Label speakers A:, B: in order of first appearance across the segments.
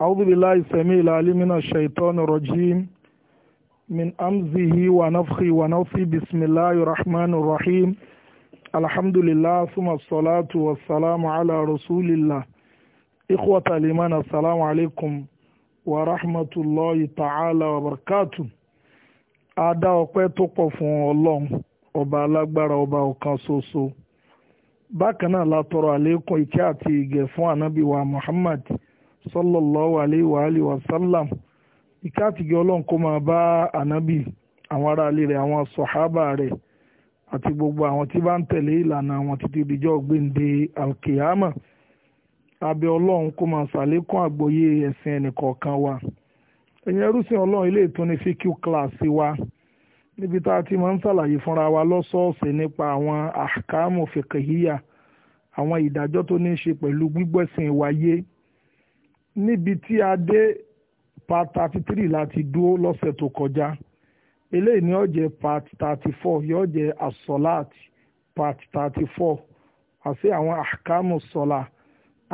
A: أعوذ بالله السميع العليم من الشيطان الرجيم من أمزه ونفخه ونوفي بسم الله الرحمن الرحيم الحمد لله ثم الصلاة والسلام على رسول الله إخوة الإيمان السلام عليكم ورحمة الله تعالى وبركاته ada ọpẹ́ tó pọ̀ fún ọlọ́run ọba alágbára ọba ọ̀kan ṣoṣo bákan náà la àlékún ìkẹ́ àti ìgẹ̀ fún ànábì muhammad sallallahu alayhi wa alihi wa sallam ìkẹ́ àtìgẹ́ ọlọ́run kó máa bá ànábì àwọn aráalé rẹ̀ àwọn sọ̀hábà rẹ̀ àti gbogbo àwọn tí bá ń tẹ̀lé ìlànà àwọn títí ìdíjọ́ gbéǹde alkiyama abẹ́ ọlọ́run kó máa ṣàlékún àgbọ́yé ẹ̀sìn ẹnìkọ̀ọ̀kan wa ẹ̀yin ẹrúsìn ọlọ́run ilé ìtúni fíkú kíláàsì wa níbi tá a ti máa ń ṣàlàyé fúnra wa lọ́sọ̀ọ̀sẹ̀ nípa àwọn àkàmù fìkìhíyà àwọn ìdájọ́ tó ní í ṣe pẹ̀lú gbígbẹ́sìn wáyé níbi tí a dé part thirty three láti dúró lọ́sẹ̀ tó kọjá eléyìí ni part thirty four yóò jẹ́ part thirty four àti àwọn àkàmù awọn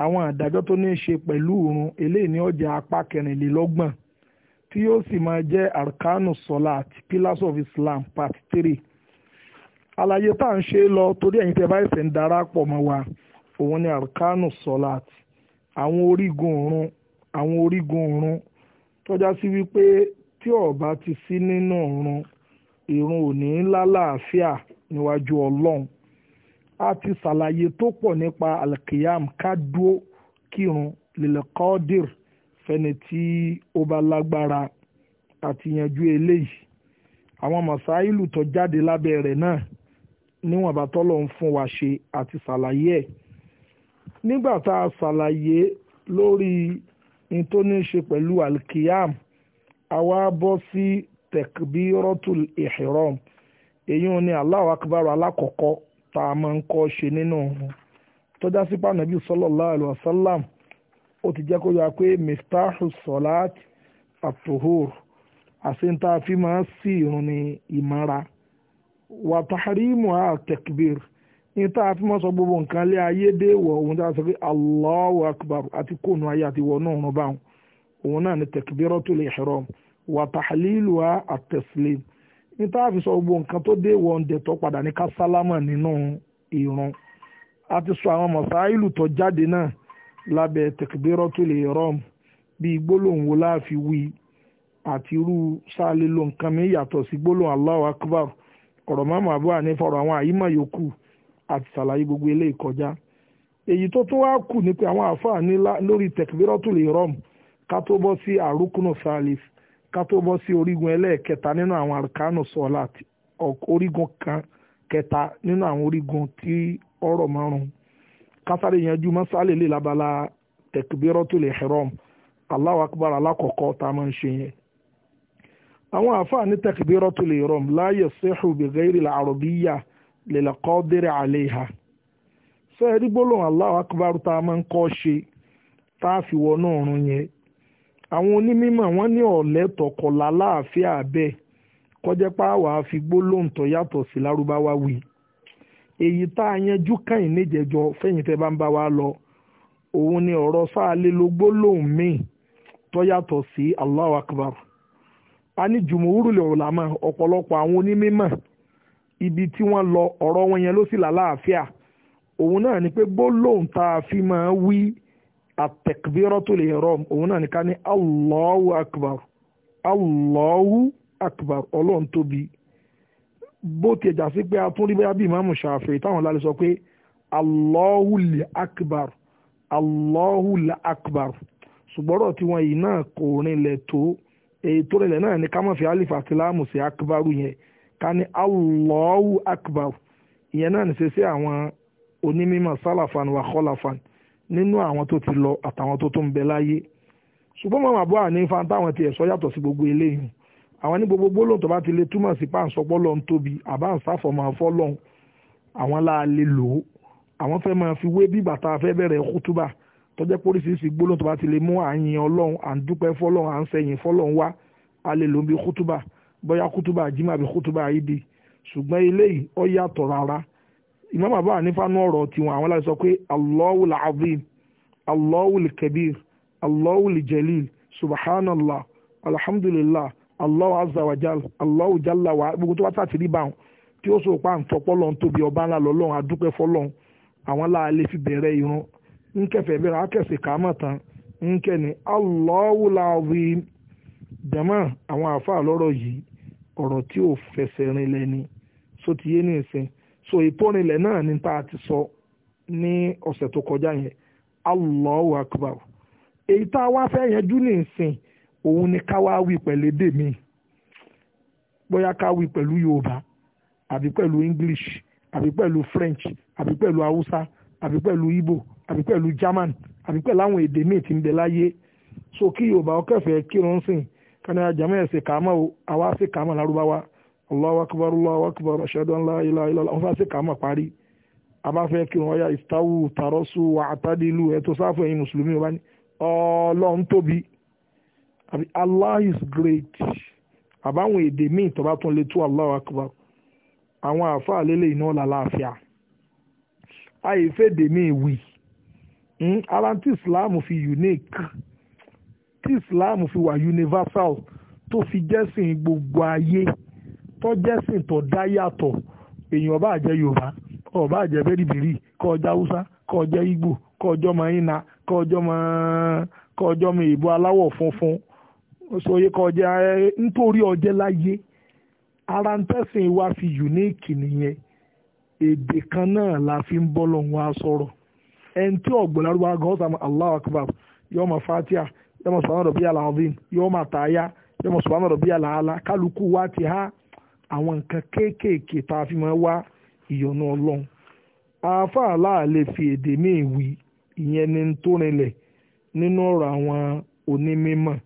A: àwọn àdájọ́ tó ní í ṣe pẹ̀lú ìrun eléyìí ni apá kẹrìnlélọ́gbọ̀n tí yóò sì máa jẹ́ arkanu àti pillars of islam part three àlàyé tá à ń lọ torí ẹ̀yin tẹ́ ń darapọ̀ mọ́ wa òun ni àwọn orígun ọ̀run àwọn orígun ọ̀run tọ́já sí wípé tí ọba ti sí nínú ọ̀run ìrun ò ní ńlá làáfíà níwájú ọlọ́run a ti ṣàlàyé tó pọ̀ nípa alkiyam kádúó kírun lilqadir fẹni tí ó bá lágbára àti yanjú eléyìí àwọn mọ̀sáìlù tó jáde lábẹ́ rẹ̀ náà níwọ̀nba tọ́lọ̀ ń fún wa ṣe àti ṣàlàyé ẹ̀ nígbà tá a ṣàlàyé lórí n tó ní ṣe pẹ̀lú alkiyam àwa bọ́ sí Allahu akbar alákọ̀ọ́kọ́ tá a máa ń kọ́ ṣe nínú òun tó já sí pànàbí sallallahu alaihi ó ti jẹ́ kó yọ pé miftahu salat atuhur máa ń sí ní tá a fi gbogbo nǹkan lé ayé dé wọ̀ òun tá a sọ pé akbar àti kóònù ayé àti wọ̀ náà rán báwọn òun náà ni takbiratul ihram wa tahliluha at-taslim ní tá a fi sọ gbogbo nǹkan tó dé wọ̀ ǹdẹ̀ tó padà ní nínú a ti sọ àwọn mọ̀sáìlù tó jáde àti gbogbo eléyìí kọjá èyí tó tún wá kù pé àwọn àáfàá ní lórí tekbiratul ihram ká tó bọ́ sí salis ká tó bọ́ sí orígun ẹlẹ́ẹ̀kẹta nínú àwọn orígun kan kẹta nínú àwọn orígun tí ọ̀rọ̀ márùn-ún yanjú mọ́sálẹ̀ lè labala akbar alákọ̀ọ́kọ́ tá a máa ń ṣe yẹn àwọn àáfàá ní lelekọdịrị ali ha feribolo allah akbaruta amankoshi tafiwonrụnye awon onimima won ni ole tokola laafia abe kojepa wa fi gbolo nto yato si larubawa wi eyi ta anya ju kain nejejo feyin te ba n ba wa lo ohun ni oro saale lo gbolo mi to yato si allahu le ulama opolopo awon onimima ibi tí wọ́n lọ ọ̀rọ̀ wọn yẹn ló sì lálàáfíà òun náà ni pé gbólóhùn tá a fi máa wí àtẹ̀kbírọ́tò lè rọ̀ òun náà ni ká ní Allahu akbar Allahu akbar ọlọ́run tóbi bó ti ẹ̀jà sí pé a tún rí bẹ́ẹ̀ bí ìmáàmù Ṣàfi'í sọ pé Allahu lè akbar Allahu lè akbar ṣùgbọ́n ọ̀rọ̀ tiwọn yìí náà kò rinlẹ̀ tó èyí tó rinlẹ̀ náà ni ká má fi alifa sí akbaru yẹn ká ní Allahu akbar ìyẹn náà ní sẹ́sẹ́ àwọn onímọ̀ sálàfan wà kọ́láfan nínú àwọn tó ti lọ àtàwọn tó tún ń bẹ láyé ṣùgbọ́n màmá àbúrò àní fan táwọn ti ẹ̀sọ́ yàtọ̀ sí gbogbo eléyìí àwọn ní gbogbo gbólóhùn tó bá ti lè túmọ̀ sí páǹsọpọ̀ lọ́n tóbi àbá ń sáfọ̀mọ́ fọ́lọ́hún àwọn láàlè lò ó àwọn fẹ́ máa fi wé bí bàtà fẹ́ bẹ̀rẹ̀ kútúbà tó póríṣiríṣi gbólóhùn tó bá ti lè mú àyìn ọlọ́run à ń dúpẹ́ fọ́lọ́run à ń sẹ́yìn fọ́lọ́run wá a lè lò bí kútúbà bóyá kútúbà jimá àbí kútúbà ìdí ṣùgbọ́n eléyìí ó yàtọ̀ rárá Imam Abu Hanifa ní ọ̀rọ̀ tiwọn àwọn láti sọ pé Allahul azim Allahul kabir Allahul jalil subhanallah alhamdulillah Allahu azza wa jal Allahu jalla wa gbogbo tó wá tà ti báwọn tí ó sọ pé à ń tọpọ́ ọba ńlá lọ́lọ́run adúpẹ́ fọ́lọ́run àwọn láàlẹ́ fi bẹ̀rẹ̀ irun nkẹfẹ̀ bẹ̀rẹ̀ akẹ́sẹ̀ kàámọ̀ tán nkẹ́ni Allahul azim jama àwọn àfa lọ́rọ̀ yìí ọ̀rọ̀ tí ò fẹsẹ̀ rinlẹ̀ ni so ti yé ní ìsìn so ìtòrinlẹ̀ náà ni tá a ti sọ ní ọ̀sẹ̀ tó kọjá yẹn Allahu akbar èyí tá a wá fẹ́ yanjú ní ìsìn òun ni ká wá wí pẹ̀lú èdè mi bóyá ká wí pẹ̀lú Yorùbá àbí pẹ̀lú English àbí pẹ̀lú French àbí pẹ̀lú Haúsá àbí pẹ̀lú Igbo àbí pẹ̀lú German àbí pẹ̀lú àwọn èdè míì tí ń bẹ láyé so kí Yorùbá ọkẹ́fẹ́ kírun sìn kana jama ya sekama o àwa sekama Lárúbáwá allahu akbar allahu akbar ashadu an la ilaha illallah àwọn sekama parí abáfẹ́ kí wọ́n ya istawu tarosu wa atadilu ẹ̀tọ́ sáfù ẹ̀yin mùsùlùmí wa ni ọlọ́run tóbi àbí allah is great àbáwọn èdè míì tó bá tún lè tú allahu akbar àwọn àáfàá lélẹ̀ iná làlàáfíà àyèfẹ́ èdè míì wì hmm, alanti islam fi unique tí islam fi wà universal tó fi jẹ́sìn gbogbo ayé tó jẹ́sìn tó dá yàtọ̀ èèyàn ọba jẹ́ yorùbá ọba bá jẹ́ bẹ́rìbẹ́rì kó haúsá kó jẹ́ kọjọ́ kó jẹ́ ọmọ ìna kọjọ́ jẹ́ ọmọ kó jẹ́ ọmọ ìbò aláwọ̀ funfun sọyẹ kó jẹ́ nítorí ó jẹ́ láyé ara ń tẹ̀sìn wa fi unique nìyẹn èdè kan náà la fi ń bọ́ lọ́hùn wa sọ̀rọ̀ ẹni tí ọ̀gbọ̀n lárúbá gan ọ̀sán Allahu yọmọ fatia yọmọ sùpàmọ́ rọ̀bí àlà ọ̀dín yóò máa ya, á yá yọmọ sùpàmọ́ rọ̀bí àlà àlà kálukú wa ti há àwọn nǹkan kéékèèké tá a fi máa wá ìyọ̀nà ọlọ́run àáfàá láàlè fi èdè míì wí ìyẹn ni tó rinlẹ̀ nínú ọ̀rọ̀ àwọn onímọ̀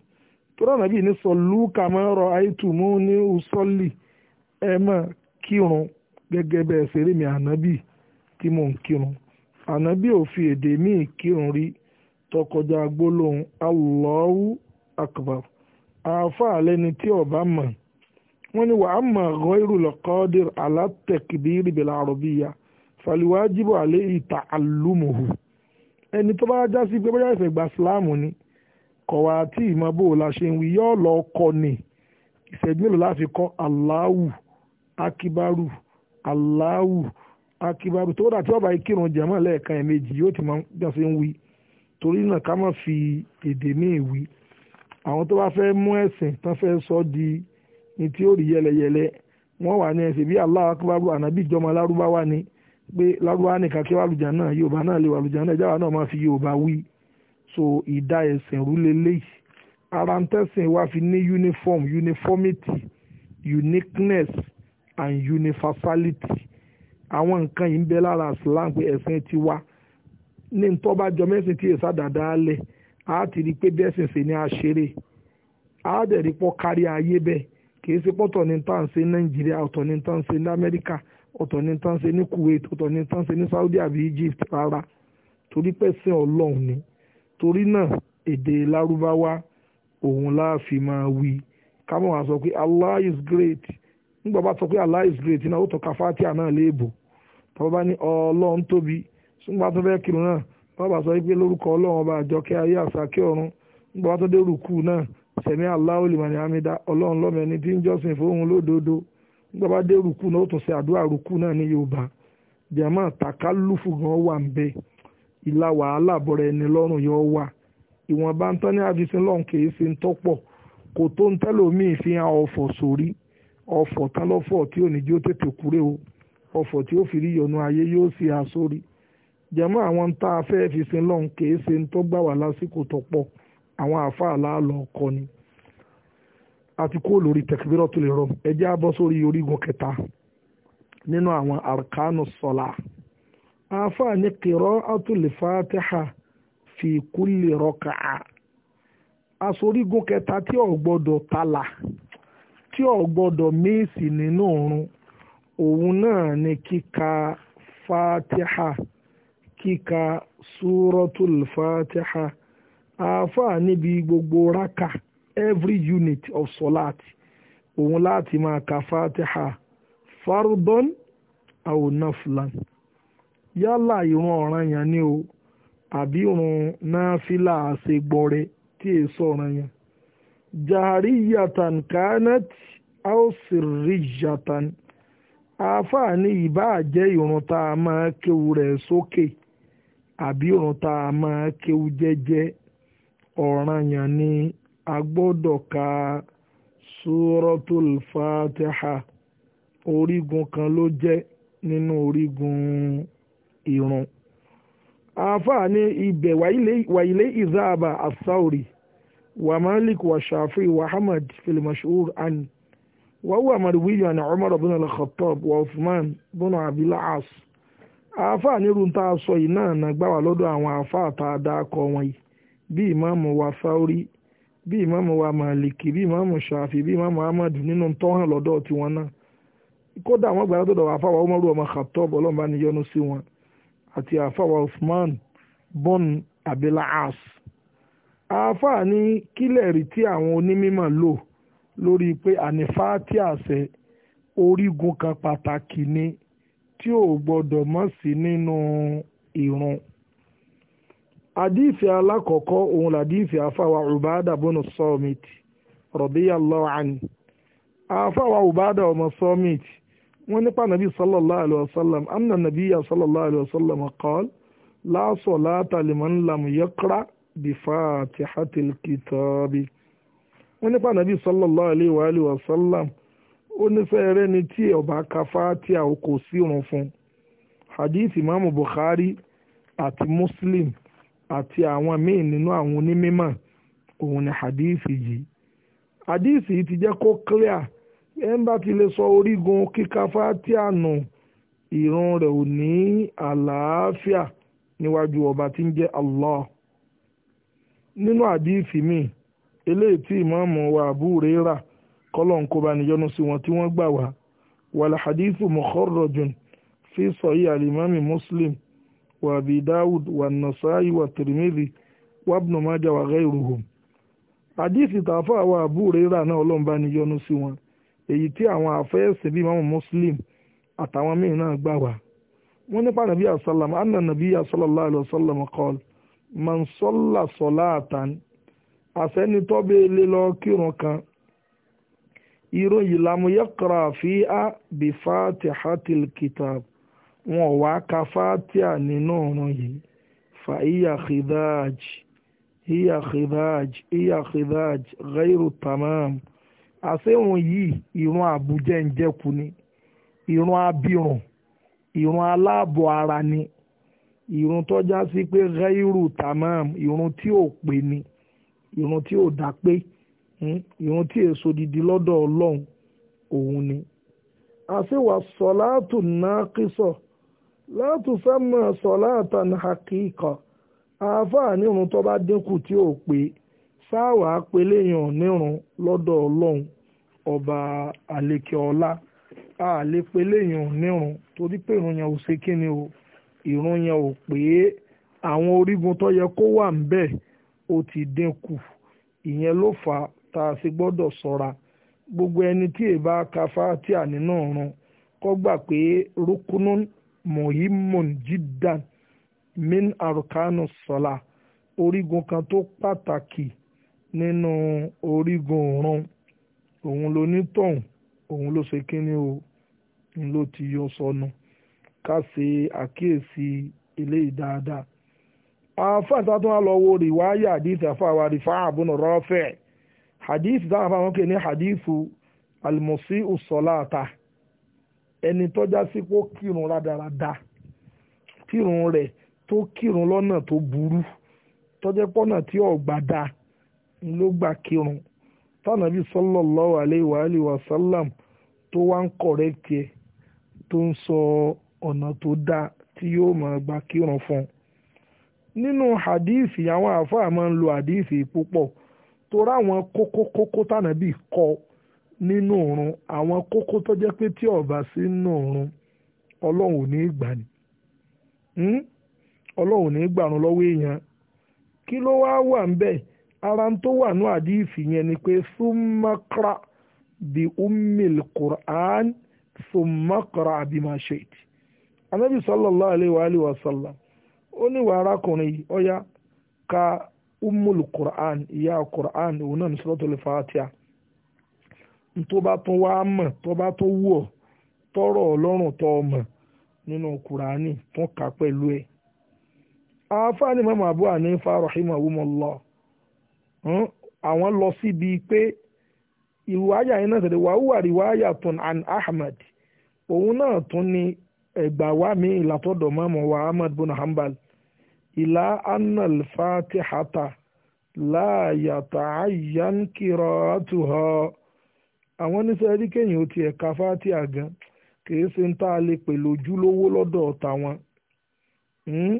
A: tọ́lá nàbí ní sọ lúkà máa ń rọ àìtùmú ní usọ́lì ẹ máa kírun gẹ́gẹ́ bẹ́ẹ̀ ṣeré mi ànábì tí mò ń kírun ànábì ò fi èdè míì kírun rí tọkọjá gbólóhùn Allahu akbar àáfàá lẹni tí ọba mọ̀ wọ́n ní wàá mọ̀ ghayru lọ́kọ́dìr alátẹ̀kìbìrì bẹ̀rẹ̀ àròbíyà fàlíwájibọ̀ àlẹ́ ìta àlùmọ̀hù ẹni tó bá já sí pé bóyá ìfẹ̀gbà síláàmù ni kọ̀wá tí ìmọ̀ la ṣe ń wí yọ́ lọ kọ́ ni ìṣẹ́jú mélòó láti kọ́ Allahu akibaru Allahu akibaru tó dà tí ọba ìkírun jẹ̀mọ́ lẹ́ẹ̀kan ẹ̀mejì yóò ti máa ń jásí ń wí torí náà ká má fi èdè míì wí àwọn tó bá fẹ́ mú ẹ̀sìn tán fẹ́ sọ di ní tí ó rí yẹlẹyẹlẹ wọ́n wà ní ẹ̀sìn bí Allahu Akbar ànábì ìjọba lárúbáwá ni pé lárúbáwá nìkan kí wàlùjá náà yorùbá náà lè wàlùjá náà ìjáwá náà máa fi yorùbá wí so ìdá ẹ̀sìn rúlé léyìí ara ń tẹ̀sìn wá fi ní uniform uniformity uniqueness and universality àwọn nǹkan yìí ń bẹ lára slang pé ẹ̀sìn ní tó bá jọ mẹ́sìn tí èsà dáadáa lẹ̀ á ti rí i pé bẹ́ẹ̀ sìn sí ni a ṣeré á dẹ̀ rí pọ́ kárí ayé bẹ́ẹ̀ kìí ṣe pọ́tọ̀ ní tá ṣe ní nàìjíríà ọ̀tọ̀ ní tá ṣe ní amẹ́ríkà ọ̀tọ̀ ní tá ṣe ní kuwait ọ̀tọ̀ ní tá ṣe ní saudi àbí egypt rárá torí pé sìn ọlọ́run ni torí náà èdè lárúbáwá òun la fi máa wí kámọ́ wá sọ pé allah is great nígbà bá sọ pé allah is great náà ó tọ́ka fatia náà léèbò tọ́ba ní ọlọ́run tóbi nígbà tó fẹ́ kírun náà bàbá sọ pé lórúkọ ọlọ́run ọba àjọkẹ́ ayé àsákẹ́ ọ̀run nígbà tó dé naa náà sẹ̀mí Allahu liman hamida ọlọ́run lọ́mọ ẹni tí ń jọ́sìn fóun lódodo nígbà bá dé rùkú náà ó tún ṣe àdúrà rùkú náà ní Yorùbá jẹ̀mọ́ tàkálùfù gan wà ń bẹ ìlà wàhálà ẹni lọ́rùn yọ wà ìwọ̀nba tán ní àfisín lọ́n kìí ṣe ń tọ́pọ̀ jamaa àwọn tá a fẹ́ fi sin lọ́hùn kì í ṣe ń tó gbà wá lásìkò tó pọ̀ àwọn àáfàá láàlọ́ ọkọ ni àti kó lórí tó lè rọ ẹjẹ́ abọ́ sórí orígun kẹta nínú àwọn arkanu sọlá àáfàá ní kìrọ́ àtúlẹ̀ fàtẹ́hà fi kúlè rọ́kà á asorígun kẹta tí tala tí ò gbọ́dọ̀ míìsì nínú òun náà ni kíka kíka suratul fatiha àáfàá níbi gbogbo raka every unit of salat òun láti máa ka fatiha fardon aw naflan yálà ìrun ọ̀ranyàn ni o àbí ìrun náfìlà àṣegbọrẹ tí èso ọ̀ranyàn jahriyatan kanat aw sirriyatan àáfàá ní ìbáà jẹ́ ìrun tá a máa kéwu rẹ̀ sókè. So àbí òun tá a máa kéwú jẹ́jẹ́ ọ̀ranyàn ni a gbọ́dọ̀ ka suratul fatiha orígun kan ló jẹ́ nínú orígun ìrun àáfàá ní ibẹ̀ wàyílé ìzáàbà asáòrì wà malik wà ṣàfi wà hamad filimashur ani wà wà marwiyan umar bin al-khattab wa usman bin abil as àáfàá nírú tá a sọ yìí náà nà gbà wá lọ́dọ̀ àwọn àáfàá tá a dá akọ wọn yìí bí ìmáàmù wa sáórì bí ìmáàmù wa màlìkì bí ìmáàmù ṣàfi bí ìmáàmù amadu nínú tọ́hàn lọ́dọ̀ tiwọn náà kódà wọn gbà lọ́dọ̀ àáfàá wa umaru ọmọ khattab ọlọ́mọba níyọnu sí wọn àti àáfàá wa usman bon abilaas àáfàá ní kílẹ̀rì tí àwọn onímọ̀ lò lórí pé ànífàá tí àṣẹ orígun kan pàtàkì ni tí ò gbọ́dọ̀ mọ̀ sí nínú ìrun àdífì alákọ̀ọ́kọ́ òun làdífì àfàwà Ubada bọ́nù summit radiyallahu anhu àfàwà Ubada ọmọ summit wọ́n nípa nàbí sallallahu alayhi wa sallam anna nabiyya sallallahu alayhi wa sallam qala la salata liman lam yaqra bi fatihatil kitabi wọ́n nípa nàbí sallallahu alayhi wa ó nífẹ̀ẹ́ rẹ́ni tí ọba kafa tí a kò run fún hadith imaamu Bukhari àti Muslim àti àwọn míì nínú àwọn onímọ̀ òun ni hadith yìí hadith yìí ti jẹ́ kó clear ẹ̀ ń bá ti lè sọ orígun kíka fatia nù ìran rẹ̀ ò ní àlàáfíà níwájú ọba tí ń jẹ́ Allah nínú hadith mi eléyìí tí ìmáàmù wa abu rà kọ́lọ́n kó bá níyọnu sí wọn tí wọ́n gbà wá wàlá hadithu mukharrajun fi sahih alimami muslim wa abi dawud wa nasa'i wa tirmidhi wa ibn majah wa ghayruhum hadithi tààfà wa abu rira náà ọlọ́run bá níyọnu sí wọn èyí tí àwọn àfẹ́ẹ̀sìn bíi imam muslim àtàwọn míì náà gbà wá wọ́n nípa nàbí àsálàm anna nàbí sallallahu alaihi wasallam qala man salla salatan àfẹ́nitọ́bẹ̀ẹ́lẹ́ lọ kírun kan irọ́ yìí lamu yẹ́kọ̀rọ̀ àfíà bí fatiha til kitab wọn wá ka fatiha nínú ọ̀ràn yìí fa iya khidaj iya khidaj iya khidaj ghairu tamam àṣehùn yìí ìrun àbújẹ́ ń jẹ́kù ni ìrun abirùn ìrun aláàbọ̀ ara ni ìrun tó já sí pé ghairu tamam ìrun tí ò pé ni ìrun tí ò dá pé. Hmm? ìrun tí èso didi lọ́dọ̀ ọlọ́run òun ni. àṣewà sọ̀láàtù náà kíso láti sẹ́mọ̀ sọ̀láàtà ní hakíkọ̀ àáfàá nírun tó bá dínkù tí ò pé sáwà pé léèyàn nírun lọ́dọ̀ ọlọ́run ọba àlekè ọlá léèyàn nírun torí pé yẹn ò ṣe kí ni o yẹn ò pé àwọn orígun tó yẹ kó tá a sì gbọ́dọ̀ ṣọ́ra gbogbo ẹni tí èèbá ka nínú ọ̀run kó gbà pé rukunun muhimmun jiddan min arkanu sọlá orígun kan tó pàtàkì nínú orígun ọ̀run òun ló ní tọ̀hún òun ló ṣe kíní o òun ló ti yọ sọnù ká ṣe àkíyèsí eléyìí dáadáa àáfàá tá a lọ wo rìwáyà àdìsí àfàwà rìfáà àbúnà hadith dáhùn fáwọn kè ní hadithu almusi usolata ẹni tọ́já sí pé ó kírun rádaràda kírun rẹ̀ tó kírun lọ́nà tó burú tọ́jẹ́ pọ́nà tí ọ̀gbà dá ló gbà kírun tánàbí sallallahu alaihi wa alihi wa sallam tó wá ń kọ̀rẹ́kì ẹ̀ tó ń sọ ọ̀nà tó dáa tí yóò máa gbà kírun fún un nínú hadith àwọn àáfàá máa ń lo hadithi púpọ̀ torí àwọn kókó kókó tànàbí kọ nínú òrun àwọn kókó tó jẹ́ pé tí ọba sí nínú òrun ọlọ́run ní gbà hmm? ní ọlọ́run ní gbàrún lọ́wọ́ èèyàn kí ló wá wà ń ara tó wà ní àdífì yẹn ni pé súnmọ́kra bí umil quran súnmọ́kra bí mashed anabi sallallahu alayhi wa sallam ó ní yìí ka umul quran iya quran òun náà ní suratul fatiha tó bá tún wa mọ̀ tó bá to wù ọ́ tọrọ to tó mọ̀ nínú kùránì tún kà pẹ̀lú ẹ̀ àáfàá Imam Abu awon lo si lọ pe pé ìwáyà na náà tẹ̀lé wàhùwà riwáyà an ahmad wa mi ahmad bin hanbal ìlà annal fatihata láàyàtà àyàn kìrọ̀ àtúhọ àwọn oníṣẹ́ rí ó ti ẹka fatiha gan kìí ṣe ń tá lè pè lójúlówó lọ́dọ̀ tàwọn hmm?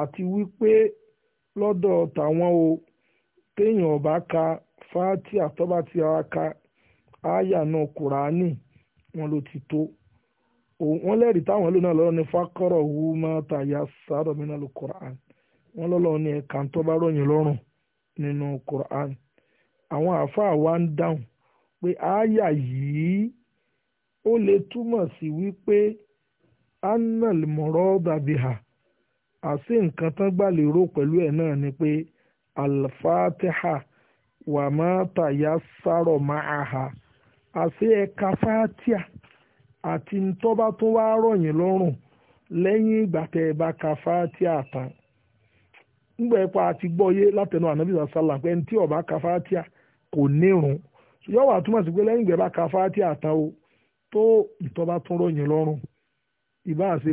A: àti wípé lọ́dọ̀ tàwọn o téèyàn ọba ka ti ara ka náà wọn ló ti tó. wọ́n lẹ́rìí táwọn ẹlòmíràn lọ́rọ́ ní fákọ́rọ̀ wú máa ta ya sáró mi náà lu Qur'an wọ́n lọ́lọ́ ní ẹ̀ka tó bá rọ̀yìn lọ́rùn nínú Qur'an àwọn àáfàá wa ń dáhùn pé àáyà yìí ó lè túmọ̀ sí wípé anal mọ̀rọ́ dàbíhà àṣé nǹkan tán gbà lérò pẹ̀lú ẹ̀ náà ni pé alfatiha wà máa ta ya sáró máa ha àṣé ẹ̀ka fatia. àti ntọ́ba tó wá rọ̀yìn lọ́rùn lẹ́yìn ìgbà tẹ́ ẹ bá ka fáátì àtàn nígbà ẹ̀pọ̀ àti gbọ́yé látẹnu ànábì sàlá pé tí ka fáátì kò nírun yọ̀wọ̀ àtúmọ̀ sí pé lẹ́yìn ìgbà bá ka fáátì àtàn o tó ìtọ́ba tó rọ̀yìn lọ́rùn ìbá àṣẹ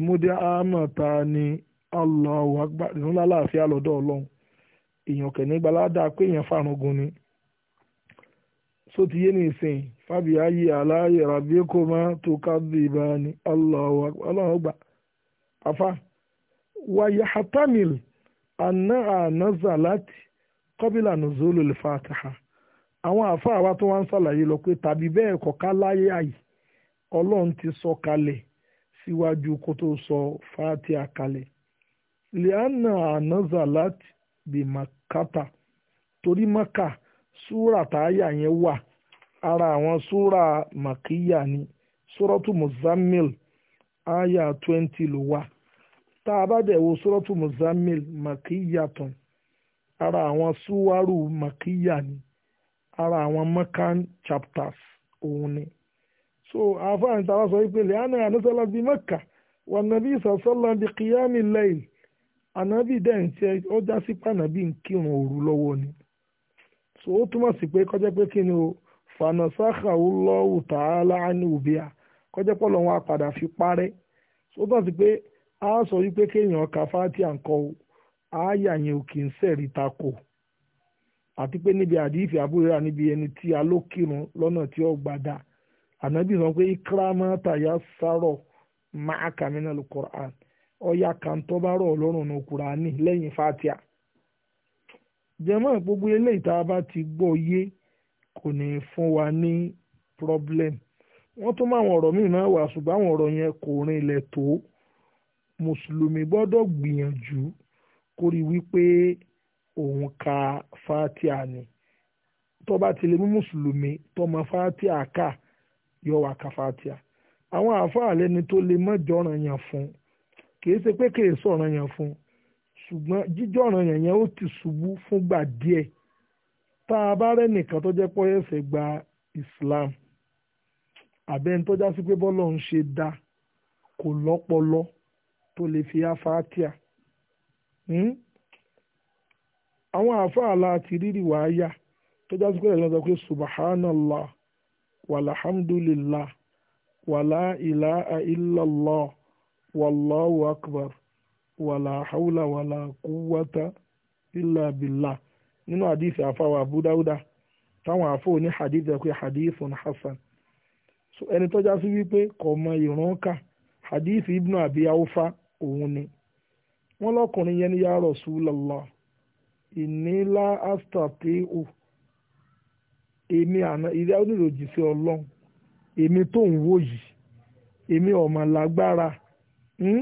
A: ni èèyàn kẹ̀ pé so ti yé ní fabi ayi ala aláyè rabi kò ma to ka bí ibà ni Allahu gba afa wàyà hatamil àná ànázàláti kọ́bílà nùzúlù lè fàtàhà àwọn àfa àwa tó wá ń ṣàlàyé lọ pé tàbí bẹ́ẹ̀ kọ̀ọ̀ká láyé ayi ọlọ́run ti sọ kalẹ̀ síwájú kó tó sọ fàtìhà kalẹ̀ lẹ́ànà ànázàláti bí makata torí maka. súrà táyà yẹn wà ara àwọn súrà màkìyà ni súrọ́tù muzammil àyà twenty ló wà tá a bá dẹ̀ wo màkìyà tán ara àwọn súwárù màkìyà ni ara àwọn mọ́kàn chapters òun ni so àfáà ní tàbá sọ wípé lè ànásọ́lá bíi mẹ́kà wà nàbí ìsàsọ́lá bíi kìyàmì lẹ́yìn ànábì dẹ́ǹtì ọjà sípà nàbí ń kírun òru lọ́wọ́ ni. tó ó túmọ̀ sí pé kọjá pé kí ni o fanasahawu lọ́wù tààlà ní òbíà kọjá pọ̀ lọ́wọ́ apàdà fi parẹ́ tó a sọ wípé kéèyàn ka fáti àǹkọ́ o àáyà yẹn ò kì í sẹ̀rí takò àti pé níbi àdìsí níbi ẹni tí a ló kírun lọ́nà tí ó gbàdá ànábì sọ pé ikrama tàyà sárọ̀ máa kàmínà lùkọ́rán ọ̀yà kàńtọ́ bá rọ̀ ọlọ́run nù lẹ́yìn fatia. jẹ́mọ́ gbogbo eléyìí tá a bá ti gbọ́ yé kò ní fún wa ní problem wọ́n tún mọ àwọn ọ̀rọ̀ míì náà wà ṣùgbọ́n àwọn ọ̀rọ̀ yẹn kò rinlẹ̀ tó mùsùlùmí gbọ́dọ̀ gbìyànjú kó rí wípé òun ka fatia ni tó bá ti lè mú mùsùlùmí tó mọ fatia ká yọ wá ka fatia àwọn àáfàá lẹni tó lè mọ́jọ́ ọ̀ràn yẹn fún kì í ṣe pé kì í sọ̀ràn yẹn fún un ṣùgbọ́n jíjọ̀ràn yẹn yẹn ó ti ṣubú fúngbà díẹ̀ tá a bá rẹ́ nìkan tó jẹ́ pọ́ ẹ̀sẹ̀ gba Islam àbẹ́ni tó já sí pé bọ́lọ̀ ń ṣe dá kò lọ́pọlọ tó lè fi afáàtíà hmm? àwọn àáfàá láti rírì wàá yá tó já sí pé ẹ̀sẹ̀ pé subhanallah walhamdulillah wàlá ilaha illallah akbar. wàlà haúlà wàlà kúwátá ilà bìlà nínú àdìsí àfàwà Abu Dauda táwọn àfọ ní hadith ẹ̀ pé hadithun hasan so ẹni tọ́já sí wípé kò mọ ìran kà hadith ibnu abi awfa òun ni wọ́n lọ́kùnrin yẹn ní ya Rasulullah ìnílá astateu èmi àná ìdá oníròjì sí ọlọ́run èmi tó ń wò yìí èmi ọ̀mọ̀ lágbára hmm?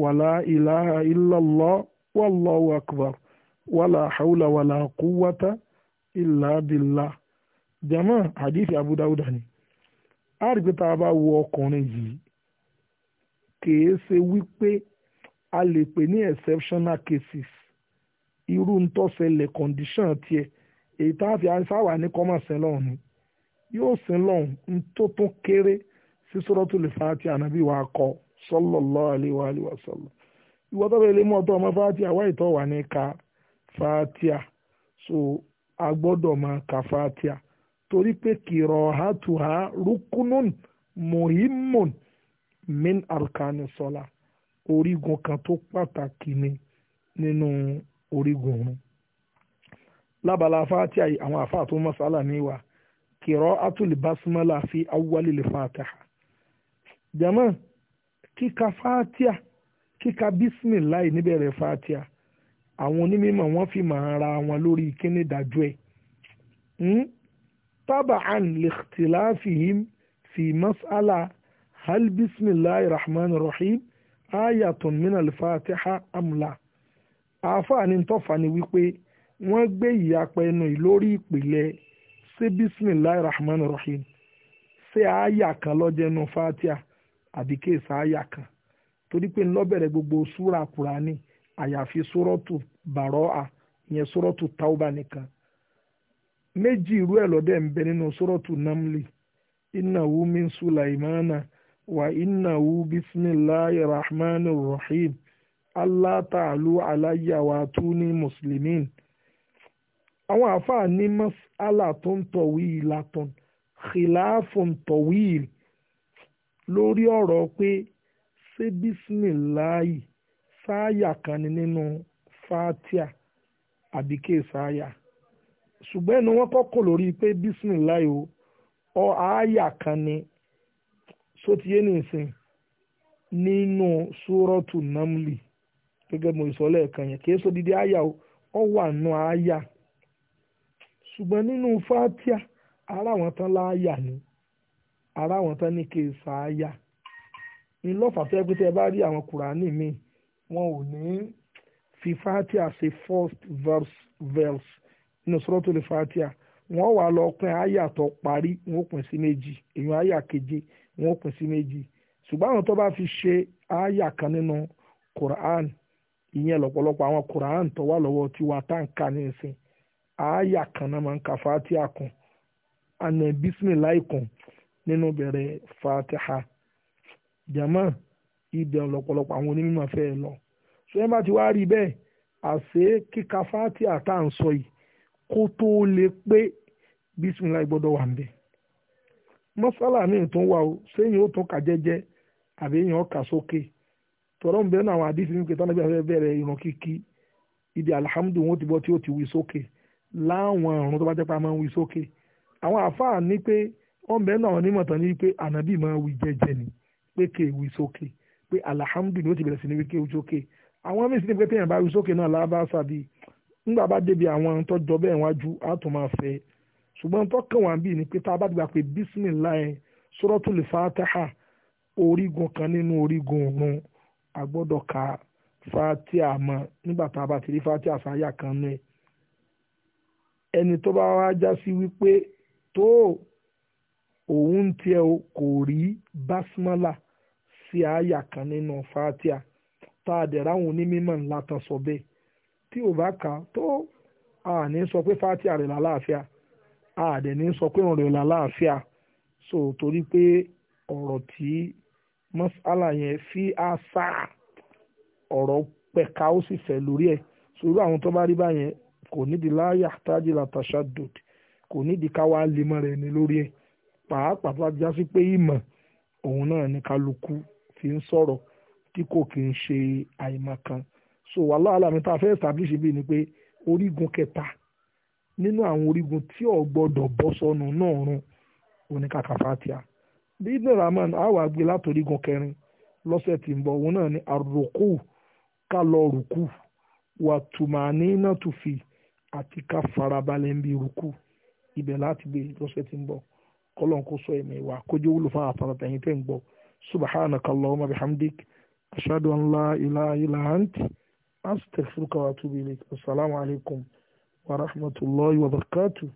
A: wala ilaha illallah wallahu akbar wala hawla wala quwwata illa billah jama hadith abu dawud ni a rí pé tá exceptional cases irú ń tó ṣẹlẹ̀ condition tiẹ̀ èyí tá a fi àṣàwà ní kọ́mọ̀ sẹ́lọ̀n ni yóò sẹ́lọ̀n ń tó tún kéré ti ànábì sallallahu alaihi wa alihi wa sallam ìwọ tó bẹ̀rẹ̀ lè mú ọtọ́ ọmọ fatia wá ìtọ́ wà ní ka fatia so a gbọ́dọ̀ máa ka fatia torí pé kìrọ̀ ha tù ha rukunun muhimmun min arkani sọlá orígun kan tó pàtàkì ni nínú orígun òun lábala fatia yìí àwọn àfáà tó mọ́sálà ní ìwà kìrọ̀ atúlì basmala fi awwalil fatiha jama kíka fatia kíka bismillah níbẹ̀rẹ̀ fatia àwọn onímọ̀ wọ́n fi máa ra wọn lórí kíní dájú ẹ̀ hmm? taba'an likhtilafihim fi mas'ala hal bismillah rahman rahim ayatun min al-fatiha amla àfààní tọ́fà ni wípé wọ́n gbé ìyapa ẹnu lórí ìpìlẹ̀ sí bismillah rahman rahim ṣé àyà kan ló fatia àbí kéèsì àyà kan torí pé ńlọ bẹ̀rẹ̀ gbogbo súra kùránì àyàfi sórọ́tù bàrọ́à ìyẹn sórọ́tù tauba nìkan méjì irú ẹ̀ lọ́dẹ̀ ń bẹ nínú sórọ́tù namli innahu min sulaimana wa innahu bisimilahi rahman rahim allah ta'alu alayya wa tuni muslimin àwọn àáfàá ní mas'ala tó ń tọ̀wí ìlàtọ̀n khilafun tọ̀wí ìlàtọ̀n lórí ọ̀rọ̀ pé ṣé bísímìláì sáàyà kan ni nínú fatia àbí ké ṣùgbọ́n wọn kọ́kọ́ lórí pé bísímìláì o ọ àáyà kan ni sotiye nìsín nínú súrọ́tù námlì gẹ́gẹ́ mo sọ yẹn kì í sọ ọ wà nù àyà ṣùgbọ́n nínú fatia ara àwọn tán láàyà ni. ara àwọn tán ní kí ṣááyà ní lọ́fà tó yẹ pé ẹ bá rí àwọn fi fatia ṣe first verse verse nínú fatia wọ́n wà lọ pín àyà tó parí wọ́n pín sí keje wọ́n pín sí méjì bá fi ṣe àyà kan nínú quran ìyẹn àwọn quran tó wà lọ́wọ́ tá kan náà máa fatia kan àná kan nínú bẹ̀rẹ̀ fatiha jama ibẹ̀ ọ̀lọ́pọ̀lọpọ̀ àwọn onímọ̀ fẹ́ lọ so ẹ bá ti wá rí bẹ́ẹ̀ àṣé kíka fatiha tá à ń sọ yìí kó tó lè pé bisimilayi gbọ́dọ̀ wà níbẹ̀ mọ́sálà míì tó ń wà o sẹ́yìn ó tún kà jẹ́jẹ́ àbí èèyàn kà sókè tọ́rọ̀ ń bẹ́ẹ̀ náà àwọn àdìsí ní kẹta níbi afẹ́fẹ́ ìran kíkí ibi alihamudu wọn ti bọ́ tí ó ti wí sókè láwọn ọ̀run tó bá jẹ́ pé a máa ń wí sókè àwọn àáfàá ní pé ó ń náà wọn nímọ̀ ní pé ànábì máa wí jẹ́jẹ́ ni pé kè e wí sókè pé alhamdu ni ó ti bẹ̀rẹ̀ sí ní wí kè e wí sókè àwọn míì sì ní pé téèyàn bá wí sókè náà lábáṣà bíi ńgbà bá débi àwọn tó jọ bẹ́ẹ̀ wájú á tún máa fẹ́ ṣùgbọ́n tó kàn wá bíi ni pé tá a bá gbà pé bisimilahi suratul fataha orígun kan nínú orígun òrun a ka fatiha mọ́ nígbà tá a bá ti rí fatiha sáyà kan náà ẹni tó bá wá já sí wípé tó òun tiẹ̀ kò rí basmala sí àyà kan nínú fatia tá a dẹ̀ ráwọn onímọ̀ ńlá tán sọ bẹ́ẹ̀ tí ò bá kà á tó àní sọ pé fatia rẹ̀ lálàáfíà àdẹ̀ ní sọ pé òun rẹ̀ lálàáfíà so torí pé ọ̀rọ̀ tí mọ́sálà yẹn fi àṣà ọ̀rọ̀ pẹ̀ka ó sì fẹ̀ lórí ẹ̀ sòrò àwọn tó bá rí báyẹn kò nídìí láyà tájìlá tàṣà dòd kò nídìí káwá lemọ́ rẹ̀ ní lórí ẹ̀ pàápàá tó bá já sí pé ìmọ̀ òun náà ni kálukú fi ń sọ̀rọ̀ tí kò kì í ṣe àìmọ̀ kan so wàhálà àlàmì tá a fẹ́ establish bíi ni pé orígun kẹta nínú àwọn orígun tí ò gbọdọ̀ bọ́ sọnù náà run oníkàkà fatia bí ibn rahman a wà gbé látòrígun kẹrin lọ́sẹ̀ tí ń bọ̀ òun náà ni àròkù ká lọ rùkù wà tùmání náà tù fi àti ká farabalẹ̀ ń bi rùkù ibẹ̀ láti gbé lọ́sẹ̀ tí ń bọ̀ kọ́lọ́n kó sọ ẹ̀mí wa kójú wúlò fún àtàrà tẹ̀yìn tẹ̀ ń gbọ́ subhanaka allahumma bihamdik ashhadu an la ilaha illa anti astaghfiruka wa atubu ilayk assalamu alaikum wa rahmatullahi wa barakatuh.